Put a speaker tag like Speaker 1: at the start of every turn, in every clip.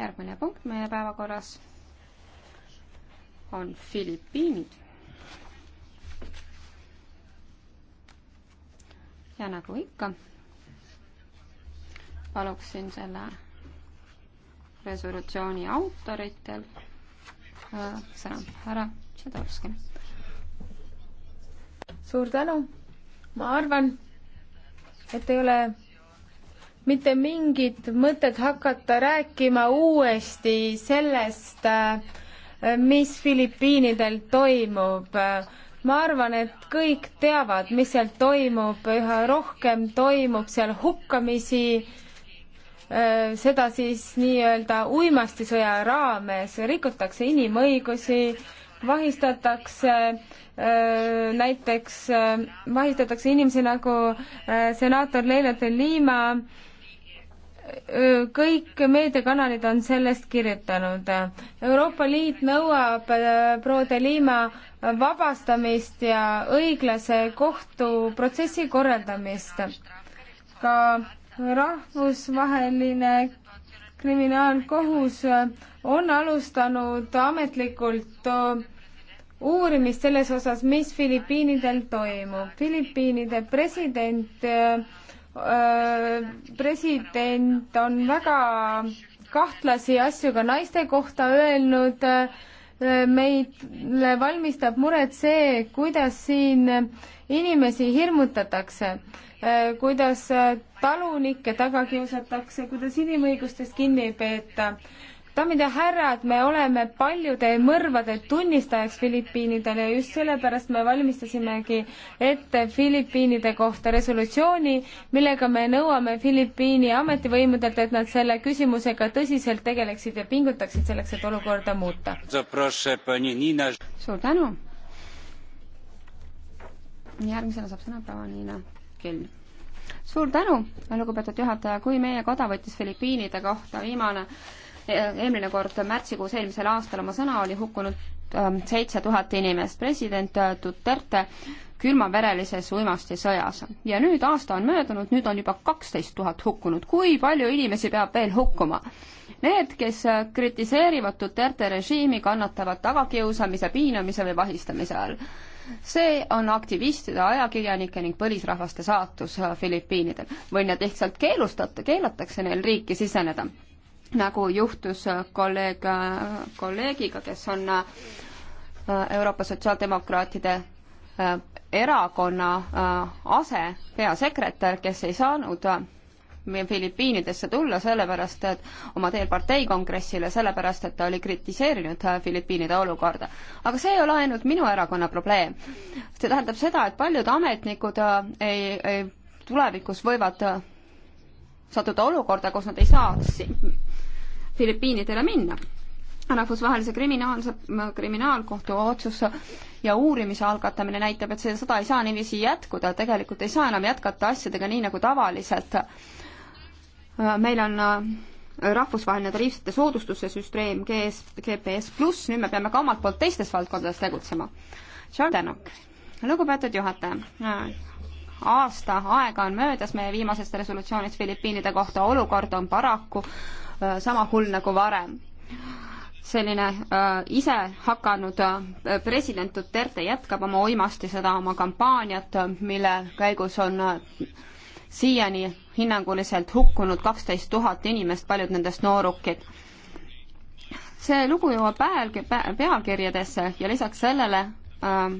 Speaker 1: järgmine punkt meie päevakorras on Filipiinid. ja nagu ikka, paluksin selle resolutsiooni autoritel äh, sõna härra Tšedovski.
Speaker 2: suur tänu, ma arvan, et ei ole mitte mingit mõtet hakata rääkima uuesti sellest, äh, mis Filipiinidel toimub. ma arvan, et kõik teavad, mis seal toimub, üha rohkem toimub seal hukkamisi, äh, seda siis nii-öelda uimastisõja raames, rikutakse inimõigusi, vahistatakse äh, näiteks, vahistatakse inimesi nagu senaator Leila de Lima, kõik meediakanalid on sellest kirjutanud. Euroopa Liit nõuab äh, proua de Lima vabastamist ja õiglase kohtuprotsessi korraldamist. ka rahvusvaheline kriminaalkohus on alustanud ametlikult äh, uurimist selles osas, mis Filipiinidel toimub. Filipiinide president äh, Äh, president on väga kahtlasi asju ka naiste kohta öelnud. Äh, meile valmistab muret see, kuidas siin inimesi hirmutatakse, äh, kuidas talunikke taga kiusatakse, kuidas inimõigustest kinni ei peeta daamid ja härrad, me oleme paljude mõrvade tunnistajaks Filipiinidele ja just sellepärast me valmistasimegi ette Filipiinide kohta resolutsiooni, millega me nõuame Filipiini ametivõimudelt, et nad selle küsimusega tõsiselt tegeleksid ja pingutaksid selleks, et olukorda muuta. suur tänu. järgmisena saab sõna proua Niina Kell
Speaker 1: suur tänu, lugupeetud juhataja, kui meie koda võttis Filipiinide kohta viimane eelmine kord märtsikuus eelmisel aastal oma sõna oli hukkunud ähm, seitse tuhat inimest. president äh, Duterte külmaverelises uimastisõjas. ja nüüd aasta on möödunud, nüüd on juba kaksteist tuhat hukkunut. kui palju inimesi peab veel hukkuma? Need, kes äh, kritiseerivad Duterte režiimi, kannatavad tagakiusamise, piinamise või vahistamise all. see on aktivistide, ajakirjanike ning põlisrahvaste saatus äh, Filipiinidel. või nad lihtsalt keelustat-, keelatakse neil riiki siseneda nagu juhtus kolleeg, kolleegiga, kes on äh, Euroopa Sotsiaaldemokraatide äh, erakonna äh, asepeasekretär, kes ei saanud Filipiinidesse tulla, sellepärast et oma teel parteikongressile, sellepärast et ta oli kritiseerinud Filipiinide olukorda. aga see ei ole ainult minu erakonna probleem. see tähendab seda, et paljud ametnikud ei, ei tulevikus võivad sattuda olukorda, kus nad ei saa Filipiinidele minna. rahvusvahelise kriminaalse, kriminaalkohtu otsus ja uurimise algatamine näitab, et see sõda ei saa niiviisi jätkuda, tegelikult ei saa enam jätkata asjadega nii, nagu tavaliselt. meil on äh, rahvusvaheline tariifsete soodustuse süsteem GS, GPS pluss, nüüd me peame ka omalt poolt teistes valdkondades tegutsema. Charles Tänak, lugupeetud juhataja, äh, aasta aega on möödas meie viimasest resolutsioonist Filipiinide kohta, olukord on paraku Äh, sama hull nagu varem. selline äh, ise hakanud äh, president Duterte jätkab oma uimasti seda oma kampaaniat, mille käigus on äh, siiani hinnanguliselt hukkunud kaksteist tuhat inimest, paljud nendest noorukid see lugu jõuab pealgi- pe,, pealkirjadesse ja lisaks sellele ähm,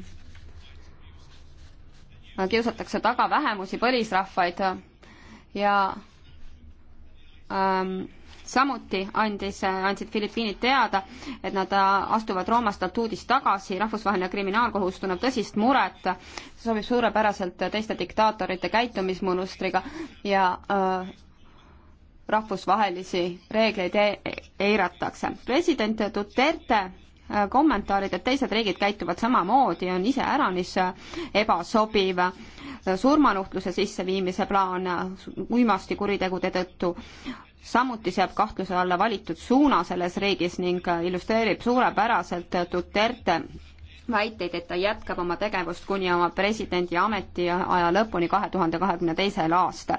Speaker 1: kiusatakse taga vähemusi, põlisrahvaid ja ähm, samuti andis, andsid Filipiinid teada, et nad äh, astuvad Rooma statuudist tagasi, rahvusvaheline kriminaalkohus tunneb tõsist muret, see sobib suurepäraselt teiste diktaatorite käitumismunustriga ja äh, rahvusvahelisi reegleid e eiratakse. president Duterte äh, kommentaarid, et teised riigid käituvad samamoodi, on iseäranis äh, ebasobiv surmanuhtluse sisseviimise plaan uimastikuritegude tõttu samuti seab kahtluse alla valitud suuna selles riigis ning illustreerib suurepäraselt Duterte väiteid, et ta jätkab oma tegevust kuni oma presidendi ametiaja lõpuni kahe tuhande kahekümne teisel aastal.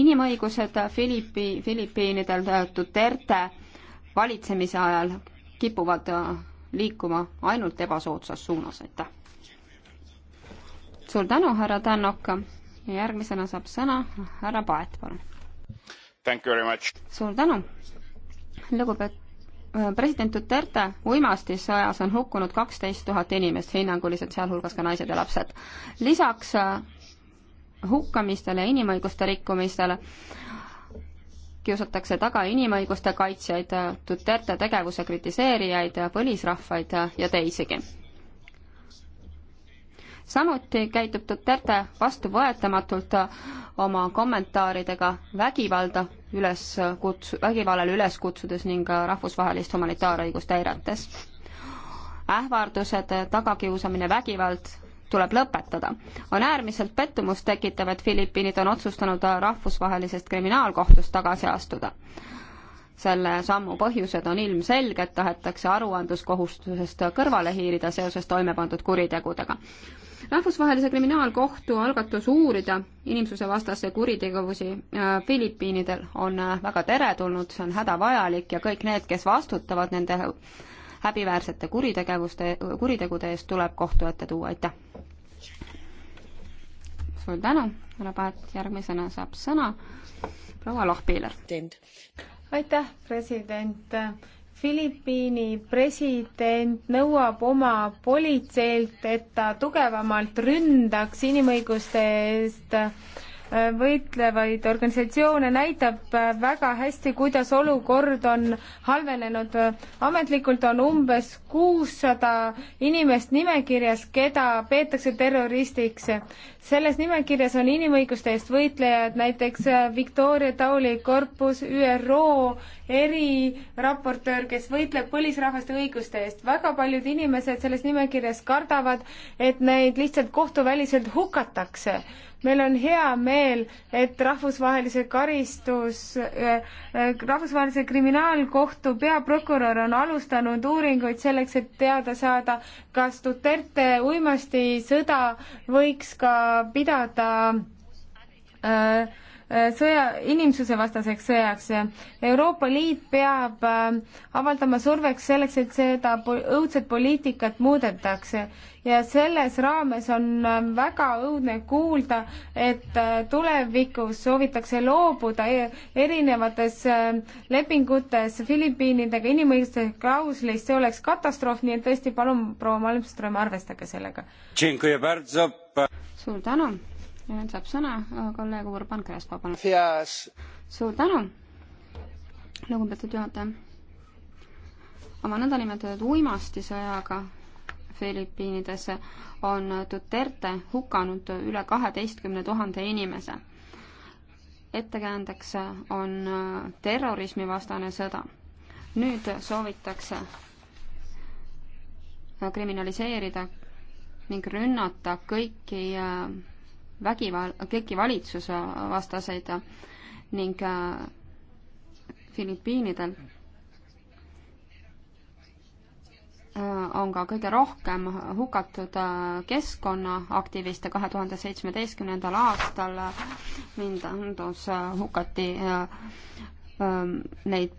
Speaker 1: inimõigused Filipi, Filipiinidel Duterte valitsemise ajal kipuvad liikuma ainult ebasoodsas suunas, aitäh. suur tänu, härra Tänok ja järgmisena saab sõna härra Paet, palun suur tänu, lugupeetud äh, president Duterte uimastisõjas on hukkunud kaksteist tuhat inimest hinnanguliselt, sealhulgas ka naised ja lapsed. lisaks äh, hukkamistele ja inimõiguste rikkumistele kiusatakse taga inimõiguste kaitsjaid, äh, Duterte tegevuse kritiseerijaid, põlisrahvaid ja teisigi samuti käitub Duterte vastuvõetamatult äh, oma kommentaaridega vägivalda üles kuts-, vägivallale üles kutsudes ning äh, rahvusvahelist humanitaarõigust eirates. ähvardused, tagakiusamine, vägivald tuleb lõpetada. on äärmiselt pettumust tekitav, et Filipiinid on otsustanud äh, rahvusvahelisest kriminaalkohtust tagasi astuda. selle sammu põhjused on ilmselged, tahetakse aruandluskohustusest kõrvale hiilida seoses toime pandud kuritegudega rahvusvahelise kriminaalkohtu algatus uurida inimsusevastase kuritegevusi äh, Filipiinidel on äh, väga teretulnud, see on hädavajalik ja kõik need, kes vastutavad nende häbiväärsete kuritegevuste, kuritegude eest, tuleb kohtu ette tuua, aitäh! suur tänu, härra Paet,
Speaker 2: järgmisena saab sõna proua Lohpiiler. aitäh, president! Filipiini president nõuab oma politseilt, et ta tugevamalt ründaks inimõiguste eest võitlevaid organisatsioone näitab äh, väga hästi, kuidas olukord on halvenenud. ametlikult on umbes kuussada inimest nimekirjas, keda peetakse terroristiks. selles nimekirjas on inimõiguste eest võitlejad, näiteks äh, Victoria Tauli korpus, ÜRO eriraportöör, kes võitleb põlisrahvaste õiguste eest. väga paljud inimesed selles nimekirjas kardavad, et neid lihtsalt kohtuväliselt hukatakse meil on hea meel, et rahvusvahelise karistus äh, äh,, rahvusvahelise kriminaalkohtu peaprokurör on alustanud uuringuid selleks, et teada saada, kas Duterte uimastisõda võiks ka pidada äh, Äh, sõja, inimsusevastaseks sõjaks. Euroopa Liit peab äh, avaldama surveks selleks, et seda õudset poliitikat muudetakse ja selles raames on äh, väga õudne kuulda, et tulevikus soovitakse loobuda e-, erinevates lepingutes Filipiinidega inimõiguste klauslist, see oleks katastroof, nii et tõesti palun, proua Malmström, arvestage sellega. suur tänu ja nüüd saab sõna äh,
Speaker 1: kolleeg Urban Krespa, palun. suur tänu, lugupeetud juhataja. oma nõndanimetatud uimastisõjaga Filipiinides on Duterte hukanud üle kaheteistkümne tuhande inimese. ettekäändeks on äh, terrorismivastane sõda. nüüd soovitakse äh, kriminaliseerida ning rünnata kõiki vägival-, kõiki valitsuse vastaseid ning äh, Filipiinidel äh, on ka kõige rohkem hukatud äh, keskkonnaaktiviste kahe tuhande seitsmeteistkümnendal aastal Mindandus hukati ähm, neid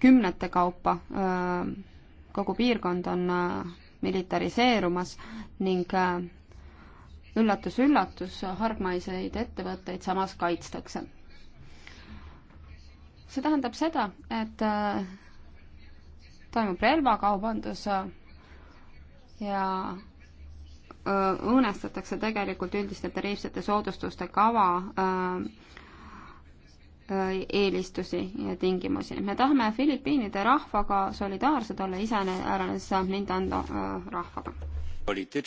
Speaker 1: kümnete kaupa, kogu piirkond on militariseerumas ning üllatus-üllatus, hargmaiseid ettevõtteid samas kaitstakse. see tähendab seda, et äh, toimub relvakaubandus äh, ja äh, õõnestatakse tegelikult üldiste tariifsete soodustuste kava eelistusi ja tingimusi. me tahame Filipiinide rahvaga solidaarsed olla, iseäranis Mindando rahvaga E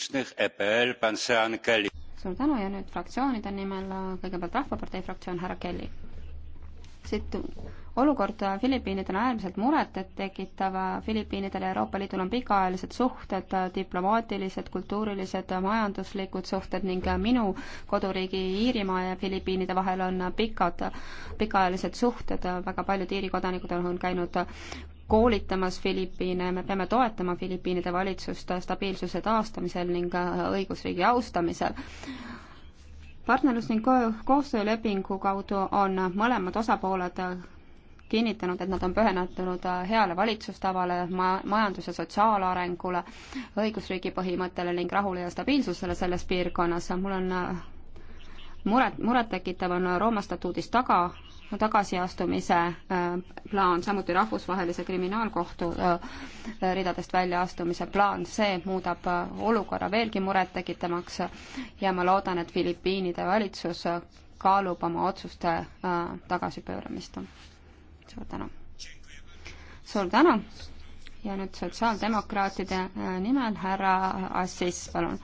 Speaker 1: suur tänu ja nüüd fraktsioonide nimel äh, kõigepealt Rahvapartei fraktsioon, härra Kelly. siit olukord äh, Filipiinidel on äärmiselt murettekitav, äh, Filipiinidel ja Euroopa Liidul on pikaajalised suhted, diplomaatilised, kultuurilised, majanduslikud suhted ning minu koduriigi Iirimaa ja Filipiinide vahel on pikad, pikaajalised suhted, väga paljud Iiri kodanikud on käinud koolitamas Filipiine, me peame toetama Filipiinide valitsust stabiilsuse taastamisel ning õigusriigi austamisel partnerlus ning koostöölepingu kaudu on mõlemad osapooled kinnitanud, et nad on pühendunud heale valitsustavale, ma-, majandus- ja sotsiaalarengule, õigusriigi põhimõttele ning rahule ja stabiilsusele selles piirkonnas. mul on muret, murettekitav on Rooma statuudis taga tagasiastumise äh, plaan, samuti Rahvusvahelise Kriminaalkohtu äh, äh, ridadest väljaastumise plaan, see muudab olukorra veelgi murettekitavamaks ja ma loodan, et Filipiinide valitsus kaalub oma otsuste tagasipööramist. suur tänu! suur tänu! ja nüüd sotsiaaldemokraatide nimel härra Assis, palun!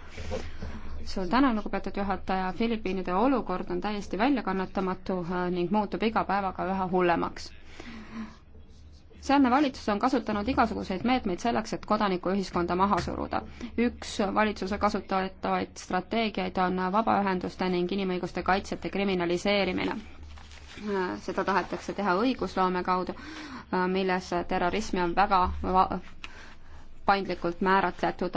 Speaker 1: suur tänu, lugupeetud juhataja, Filipiinide olukord on täiesti väljakannatamatu äh, ning muutub iga päevaga üha hullemaks. sealne valitsus on kasutanud igasuguseid meetmeid selleks, et kodanikuühiskonda maha suruda. üks valitsuse kasutatavaid strateegiaid on vabaühenduste ning inimõiguste kaitsjate kriminaliseerimine äh, seda tahetakse teha õigusloome kaudu, äh, milles terrorismi on väga paindlikult määratletud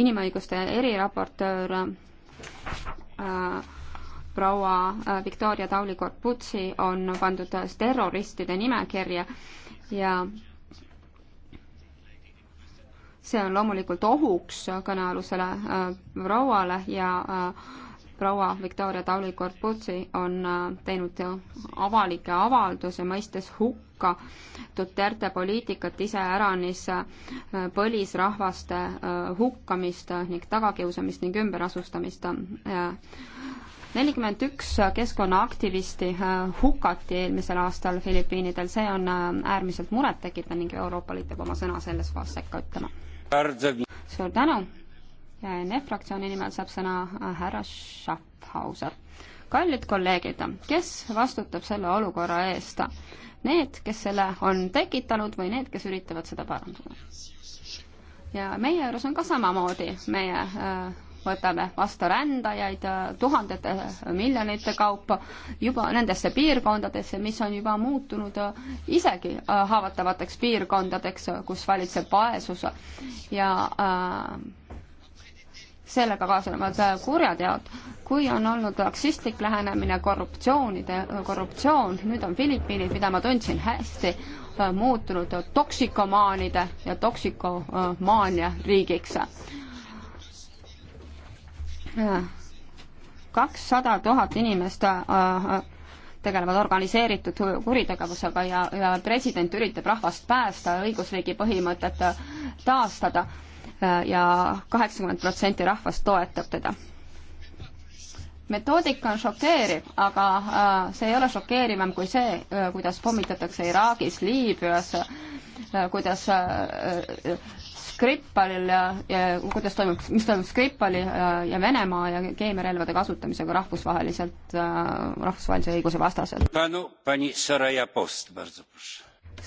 Speaker 1: inimõiguste eriraportöör äh, proua äh, Victoria Tauli-Korputsi on pandud terroristide nimekirja ja see on loomulikult ohuks kõnealusele äh, prouale ja proua Victoria Tauli-Korputsi on äh, teinud avalikke avaldusi, mõistes hukka Duterte poliitikat iseäranis äh, põlisrahvaste äh, hukkamist ning tagakiusamist ning ümberasustamist. nelikümmend üks keskkonnaaktivisti hukati eelmisel aastal Filipiinidel, see on äärmiselt murettekitav ning Euroopa Liit peab oma sõna selles osas sekka ütlema. suur tänu! NF fraktsiooni nimel saab sõna äh, härra Schaffhauser. kallid kolleegid, kes vastutab selle olukorra eest? Need, kes selle on tekitanud või need, kes üritavad seda parandada? ja meie juures on ka samamoodi, meie äh, võtame vastu rändajaid äh, tuhandete äh, miljonite kaupa juba nendesse piirkondadesse, mis on juba muutunud isegi haavatavateks piirkondadeks, kus valitseb vaesus ja äh, sellega kaasnevad äh, kurjateod. kui on olnud raksistlik lähenemine, korruptsioonide, äh, korruptsioon, nüüd on Filipiinid, mida ma tundsin hästi, äh, muutunud toksikomaanide ja toksikomaania riigiks. kakssada tuhat inimest tegelevad organiseeritud kuritegevusega ja, ja president üritab rahvast päästa, õigusriigi põhimõtet taastada Äh, ja kaheksakümmend protsenti rahvast toetab teda. metoodika on šokeeriv, aga äh, see ei ole šokeerivam kui see, äh, kuidas pommitatakse Iraagis, Liibüas, kuidas Skripalil ja, ja kuidas toimub, mis toimub Skripali ja, ja Venemaa ja keemiarelvade kasutamisega rahvusvaheliselt, rahvusvahelise õiguse vastaselt.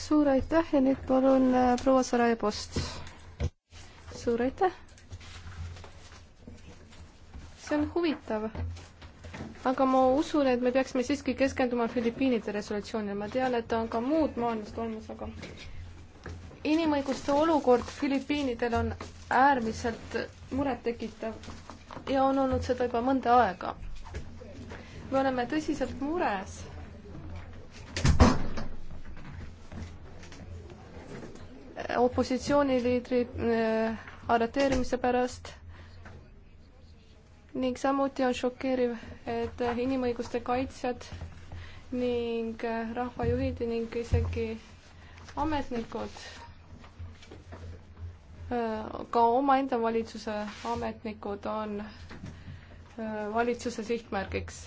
Speaker 3: suur aitäh ja nüüd palun proua Saraja Post suur aitäh! see on huvitav. aga ma usun, et me peaksime siiski keskenduma Filipiinide resolutsioonile, ma tean, et on ka muud maailmast olemas, aga inimõiguste olukord Filipiinidel on äärmiselt murettekitav ja on olnud seda juba mõnda aega. me oleme tõsiselt mures. opositsiooniliidri äh, arreteerimise pärast ning samuti on šokeeriv, et inimõiguste kaitsjad ning rahvajuhid ning isegi ametnikud, ka omaenda valitsuse ametnikud on äh, valitsuse sihtmärgiks.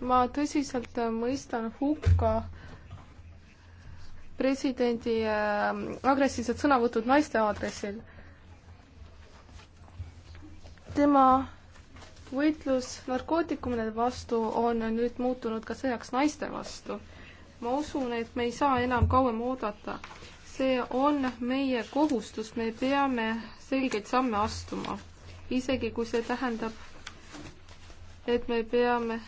Speaker 3: ma tõsiselt mõistan hukka presidendi äh, agressiivsed sõnavõtud naiste aadressil tema võitlus narkootikumide vastu on nüüd muutunud ka sõjaks naiste vastu. ma usun, et me ei saa enam kauem oodata. see on meie kohustus, me peame selgeid samme astuma, isegi kui see tähendab, et me peame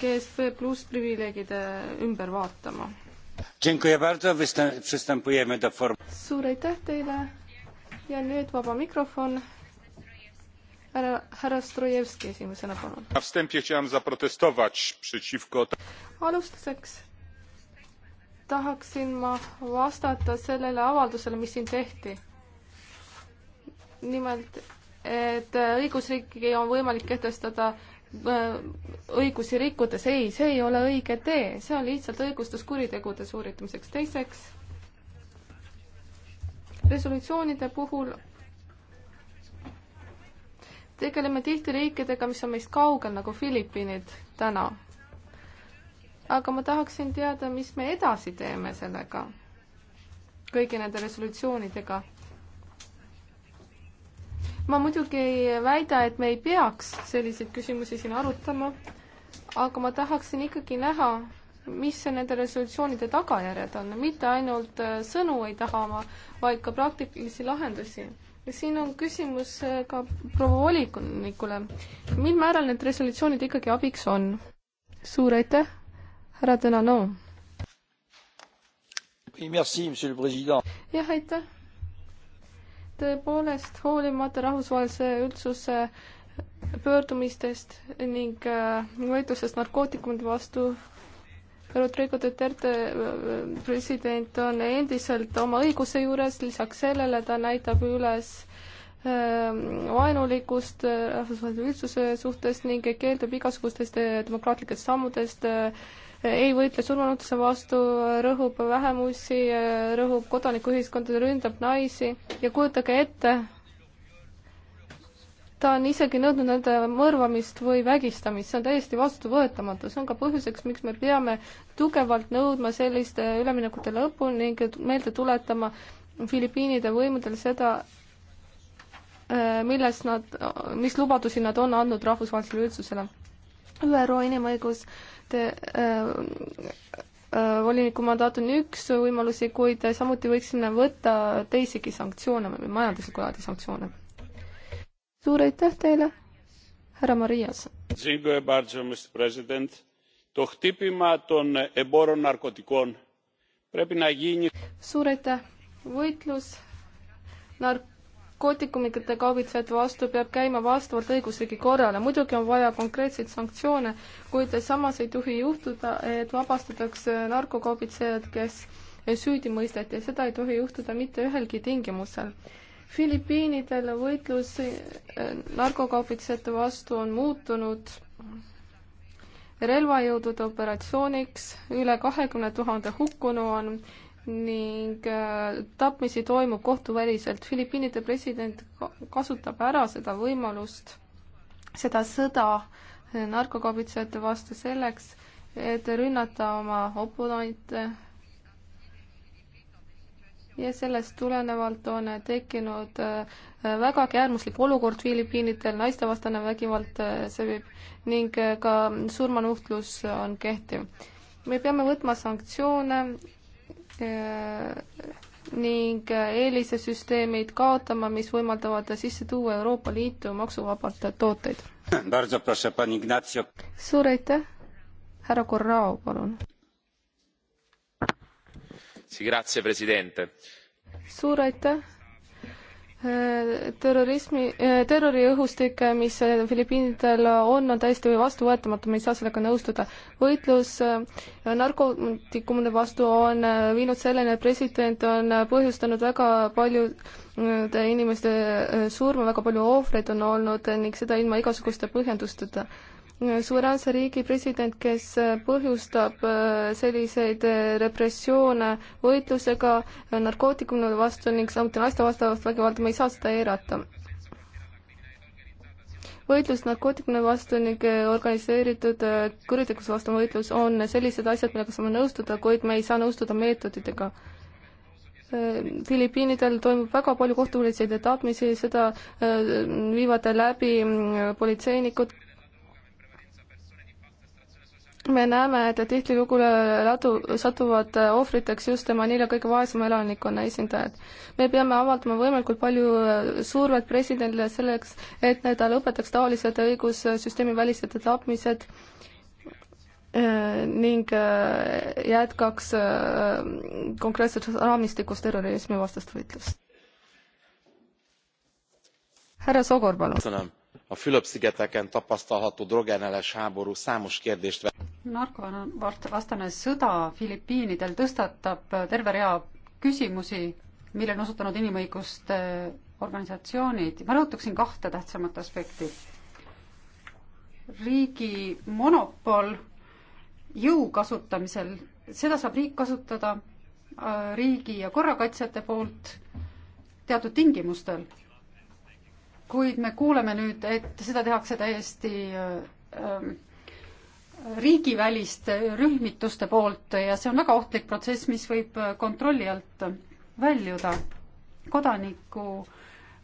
Speaker 3: GSP pluss privileegide ümber vaatama. suur aitäh teile ja nüüd vaba mikrofon härra, härra Strojevski esimesena, palun. alustuseks tahaksin ma vastata sellele avaldusele, mis siin tehti. nimelt, et õigusriiki on võimalik kehtestada äh, õigusi rikkudes, ei, see ei ole õige tee, see on lihtsalt õigustus kuritegude sooritamiseks. teiseks, resolutsioonide puhul tegeleme tihti riikidega, mis on meist kaugel, nagu Filipiinid täna. aga ma tahaksin teada, mis me edasi teeme sellega, kõigi nende resolutsioonidega. ma muidugi ei väida, et me ei peaks selliseid küsimusi siin arutama, aga ma tahaksin ikkagi näha, mis nende resolutsioonide tagajärjed on, mitte ainult äh, sõnu ei taha ma, vaid ka praktilisi lahendusi siin on küsimus äh, ka proua volinikule. mil määral need resolutsioonid ikkagi abiks on? suur aitäh, härra Tõnano! jah, aitäh! tõepoolest, hoolimata rahvusvahelise üldsuse pöördumistest ning äh, võitlusest narkootikumide vastu Rodrigo Duterte äh, president on endiselt oma õiguse juures, lisaks sellele ta näitab üles ähm, vaenulikkust äh, rahvusvahelise üldsuse suhtes ning keeldub igasugustest äh, demokraatlikest sammudest, ei võitle surmanutuse vastu, rõhub vähemusi, rõhub kodanikuühiskonda, ründab naisi ja kujutage ette, ta on isegi nõudnud nende mõrvamist või vägistamist, see on täiesti vastuvõetamatu, see on ka põhjuseks, miks me peame tugevalt nõudma selliste üleminekute lõppu ning meelde tuletama Filipiinide võimudel seda, äh, milles nad, mis lubadusi nad on andnud rahvusvahelisele üldsusele. ÜRO inimõiguste äh, äh, voliniku mandaat on üks võimalusi, kuid samuti võiksime võtta teisigi sanktsioone, majandusliku laadi sanktsioone suur aitäh teile, härra Marias. suur aitäh, võitlus narkootikumidega kaubitsejate vastu peab käima vastavalt õigusriigi korrale, muidugi on vaja konkreetseid sanktsioone, kuid samas ei tohi juhtuda, et vabastatakse narkokaubitsejad, kes süüdi mõisteti ja seda ei tohi juhtuda mitte ühelgi tingimusel Filipiinidel võitlus äh, narkokaubitsejate vastu on muutunud relvajõudude operatsiooniks, üle kahekümne tuhande hukkunu on ning äh, tapmisi toimub kohtuväliselt. Filipiinide president kasutab ära seda võimalust, seda sõda äh, narkokaubitsejate vastu selleks, et rünnata oma oponente, ja sellest tulenevalt on tekkinud äh, vägagi äärmuslik olukord Filipiinidel, naistevastane vägivald äh, säbib ning äh, ka surmanuhtlus on kehtiv. me peame võtma sanktsioone ning eelisesüsteemid kaotama, mis võimaldavad sisse tuua Euroopa Liitu maksuvabalt tooteid. suur aitäh, härra Korrao, palun suur aitäh! Äh, terrorismi, äh, terroriõhustik, äh, mis Filipiinidel on, on täiesti vastuvõetamatu, me ei saa sellega nõustuda. võitlus narkootikumide vastu on viinud selleni, et president on põhjustanud väga paljude inimeste surma, väga palju ohvreid on olnud ning seda ilma igasuguste põhjendusteta suveräänse riigi president, kes põhjustab äh, selliseid äh, repressioone võitlusega äh, narkootikumide vastu ning samuti naiste vastavast vägivalda, me ei saa seda eirata. võitlus narkootikumide vastu ning organiseeritud kuritegevuse vastu võitlus on sellised asjad, millega saame nõustuda, kuid me ei saa nõustuda meetoditega Filipiinidel toimub väga palju kohtupolitseid ja tapmisi, seda viivad läbi mm, politseinikud, me näeme, et tihtilugu ladu, satuvad ohvriteks just Manila kõige vaesema elanikkonna esindajad. me peame avaldama võimalikult palju äh, survet presidendile selleks, et ta lõpetaks taolised õigussüsteemi välised tapmised äh, ning äh, jätkaks konkreetses raamistikus terrorismivastast võitlust. härra Sogor, palun
Speaker 4: a fülöp szigeteken tapasztalható drogellenes háború számos kérdést vet
Speaker 5: narkovastane sõda Filipiinidel tõstatab terve rea küsimusi, mille on osutanud inimõiguste organisatsioonid. ma rõhutaksin kahte tähtsamat aspekti. riigi monopol jõu kasutamisel, seda saab riik kasutada äh, riigi ja korrakaitsjate poolt teatud tingimustel kuid me kuuleme nüüd, et seda tehakse täiesti ähm, riigiväliste rühmituste poolt ja see on väga ohtlik protsess, mis võib äh, kontrolli alt väljuda. kodaniku,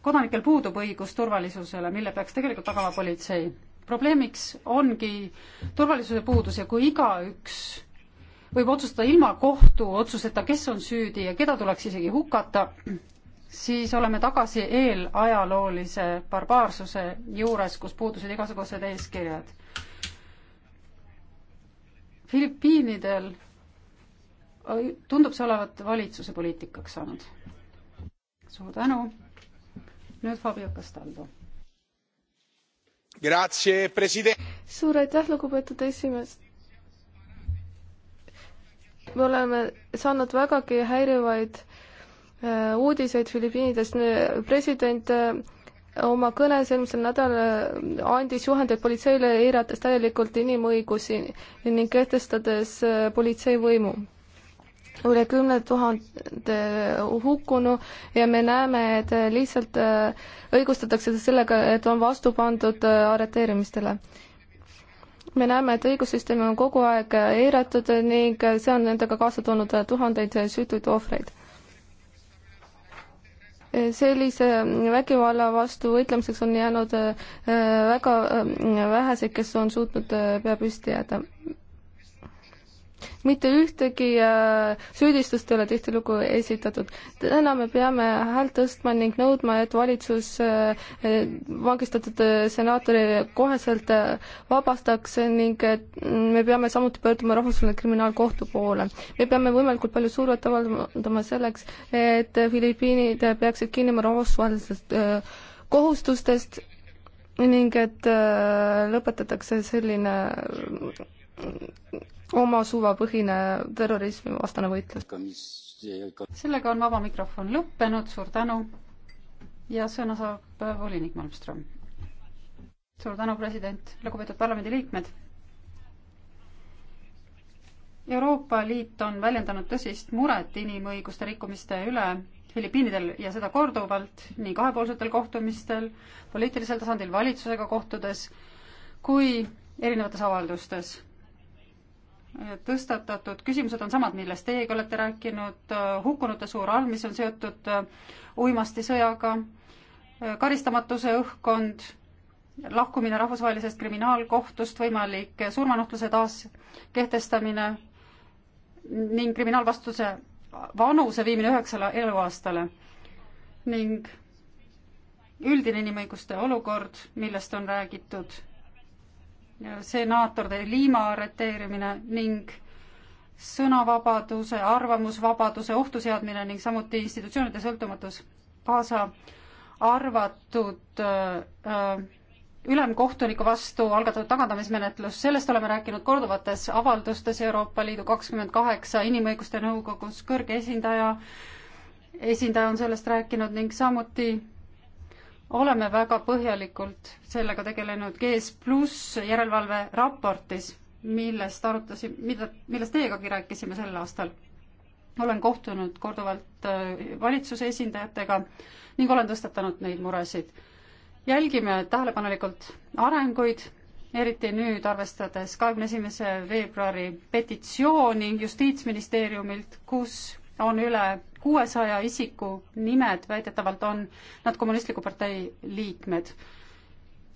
Speaker 5: kodanikel puudub õigus turvalisusele, mille peaks tegelikult tagama politsei. probleemiks ongi turvalisuse puudus ja kui igaüks võib otsustada ilma kohtuotsuseta, kes on süüdi ja keda tuleks isegi hukata, siis oleme tagasi eelajaloolise barbaarsuse juures, kus puudusid igasugused eeskirjad. Filipiinidel tundub see olevat valitsuse poliitikaks saanud. suur tänu. nüüd Fabio Castaldo.
Speaker 3: suur aitäh, lugupeetud esimees me oleme saanud vägagi häirivaid Äh, uudiseid Filipiinidest, president äh, oma kõnes eelmisel nädalal äh, andis juhendeid politseile, eirates täielikult inimõigusi ning kehtestades politseivõimu. üle kümne tuhande hukkunu ja me näeme, et lihtsalt õigustatakse sellega, et on vastu pandud arreteerimistele me näeme, et õigussüsteemi on kogu aeg eiratud ning see on nendega kaasa toonud tuhandeid süütuid ohvreid sellise vägivalla vastu võitlemiseks on jäänud äh, väga äh, väheseid, kes on suutnud äh, pea püsti jääda mitte ühtegi äh, süüdistust ei ole tihtilugu esitatud. täna me peame häält tõstma ning nõudma, et valitsus äh, äh, vangistatud senaatori koheselt vabastaks ning mm, me peame samuti pöörduma Rahvusvaheline Kriminaalkohtu poole. me peame võimalikult palju survet avaldama selleks, et Filipiinid peaksid kinnima rahvusvahelisest kohustustest ning et lõpetatakse selline oma suvapõhine terrorismivastane võitlus.
Speaker 5: sellega on vaba mikrofon lõppenud, suur tänu. ja sõna saab äh, volinik Malmström. suur tänu, president, lugupeetud parlamendiliikmed. Euroopa Liit on väljendanud tõsist muret inimõiguste rikkumiste üle Filipiinidel ja seda korduvalt nii kahepoolsetel kohtumistel, poliitilisel tasandil valitsusega kohtudes kui erinevates avaldustes tõstatatud küsimused on samad, millest teiegi olete rääkinud, hukkunute suur arv, mis on seotud äh, uimastisõjaga, äh, karistamatuse õhkkond, lahkumine rahvusvahelisest kriminaalkohtust, võimalik äh, surmanuhtluse taaskehtestamine ning kriminaalvastutuse vanuse viimine üheksale eluaastale ning üldine inimõiguste olukord, millest on räägitud senaator De Lima arreteerimine ning sõnavabaduse, arvamusvabaduse ohtu seadmine ning samuti institutsioonide sõltumatus kaasa arvatud äh, äh, ülemkohtuniku vastu algatatud tagandamismenetlus, sellest oleme rääkinud korduvates avaldustes Euroopa Liidu kakskümmend kaheksa inimõiguste nõukogus, kõrge esindaja, esindaja on sellest rääkinud ning samuti oleme väga põhjalikult sellega tegelenud GS pluss järelevalve raportis, millest arutasin, mida, millest teiegagi rääkisime sel aastal. olen kohtunud korduvalt äh, valitsuse esindajatega ning olen tõstatanud neid muresid. jälgime tähelepanelikult arenguid, eriti nüüd, arvestades kahekümne esimese veebruari petitsiooni Justiitsministeeriumilt, kus on üle kuuesaja isiku nimed väidetavalt on nad Kommunistliku partei liikmed.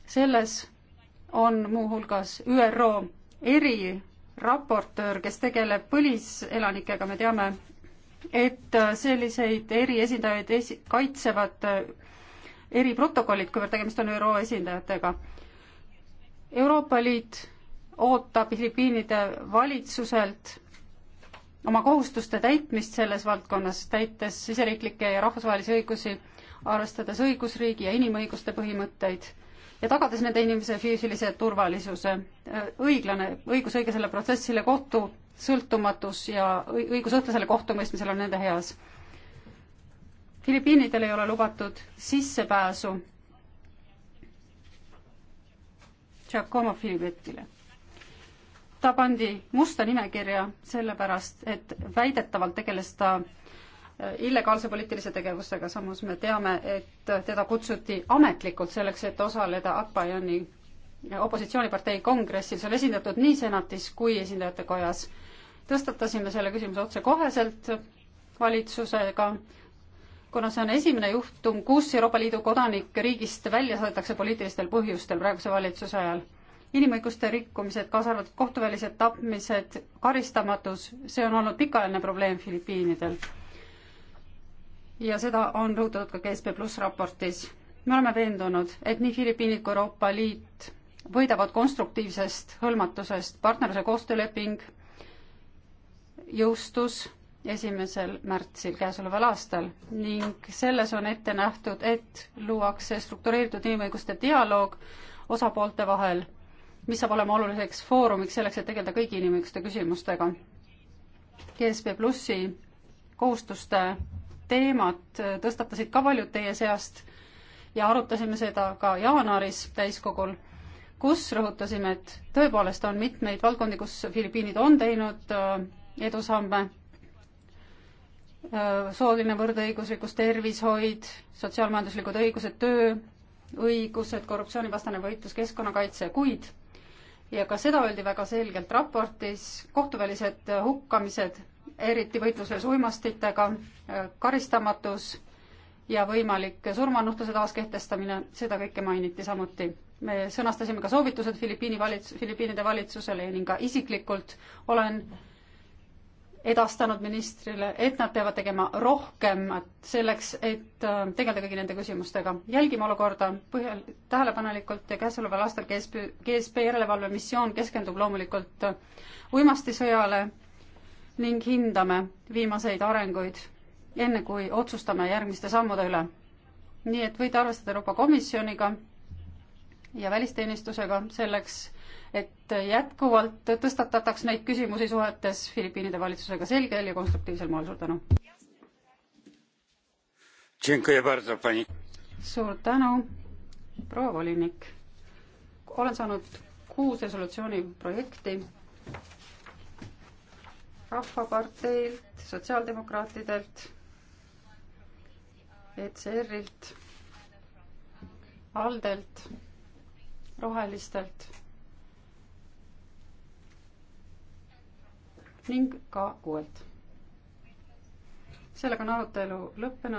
Speaker 5: selles on muuhulgas ÜRO eriraportöör, kes tegeleb põliselanikega, me teame, et selliseid eriesindajaid esi-, kaitsevad eriprotokollid, kuivõrd tegemist on ÜRO esindajatega. Euroopa Liit ootab Filipiinide valitsuselt oma kohustuste täitmist selles valdkonnas, täites siseriiklikke ja rahvusvahelisi õigusi, arvestades õigusriigi ja inimõiguste põhimõtteid ja tagades nende inimese füüsilise turvalisuse. õiglane, õigus õigesele protsessile, kohtu sõltumatus ja õigus õhtlasele kohtumõistmisel on nende heas. Filipiinidel ei ole lubatud sissepääsu Giacomo Filipetile ta pandi musta nimekirja sellepärast, et väidetavalt tegeles ta äh, illegaalse poliitilise tegevusega, samas me teame, et teda kutsuti ametlikult selleks, et osaleda Akbajani äh, opositsioonipartei kongressil, see on esindatud nii senatis kui esindajate kojas. tõstatasime selle küsimuse otsekoheselt valitsusega, kuna see on esimene juhtum, kus Euroopa Liidu kodanik riigist välja saadetakse poliitilistel põhjustel praeguse valitsuse ajal inimõiguste rikkumised, kaasa arvatud kohtuvälised tapmised, karistamatus, see on olnud pikaajaline probleem Filipiinidel. ja seda on rõhutatud ka GSP pluss raportis. me oleme veendunud, et nii Filipiinid kui Euroopa Liit võidavad konstruktiivsest hõlmatusest, partnerluse koostööleping jõustus esimesel märtsil käesoleval aastal ning selles on ette nähtud, et luuakse struktureeritud inimõiguste dialoog osapoolte vahel mis saab olema oluliseks foorumiks selleks, et tegeleda kõigi inimõiguste küsimustega. GSB Plussi kohustuste teemat tõstatasid ka paljud teie seast ja arutasime seda ka jaanuaris täiskogul, kus rõhutasime, et tõepoolest on mitmeid valdkondi, kus Filipiinid on teinud äh, edusamme, äh, sooline võrdõiguslikkus, tervishoid, sotsiaalmajanduslikud õigused, töö, õigused, korruptsioonivastane võitlus, keskkonnakaitse, kuid ja ka seda öeldi väga selgelt raportis, kohtuvälised hukkamised, eriti võitluses uimastitega, karistamatus ja võimalik surmanuhtluse taaskehtestamine, seda kõike mainiti samuti. me sõnastasime ka soovitused Filipiini valits-, Filipiinide valitsusele ja ning ka isiklikult olen edastanud ministrile, et nad peavad tegema rohkem selleks, et äh, tegeleda kõigi nende küsimustega. jälgime olukorda põhjal, tähelepanelikult ja käesoleval aastal GSP, GSP järelevalvemissioon keskendub loomulikult äh, uimastisõjale ning hindame viimaseid arenguid, enne kui otsustame järgmiste sammude üle. nii et võite arvestada Euroopa Komisjoniga ja välisteenistusega selleks, et jätkuvalt tõstatataks neid küsimusi suhetes Filipiinide valitsusega selgel ja konstruktiivsel moel. suur tänu! suur tänu, proua volinik! olen saanud kuus resolutsiooni projekti Rahvaparteilt, Sotsiaaldemokraatidelt, ECR-ilt, ALDE-lt, Rohelistelt ning ka kuuelt. sellega on arutelu lõppenud.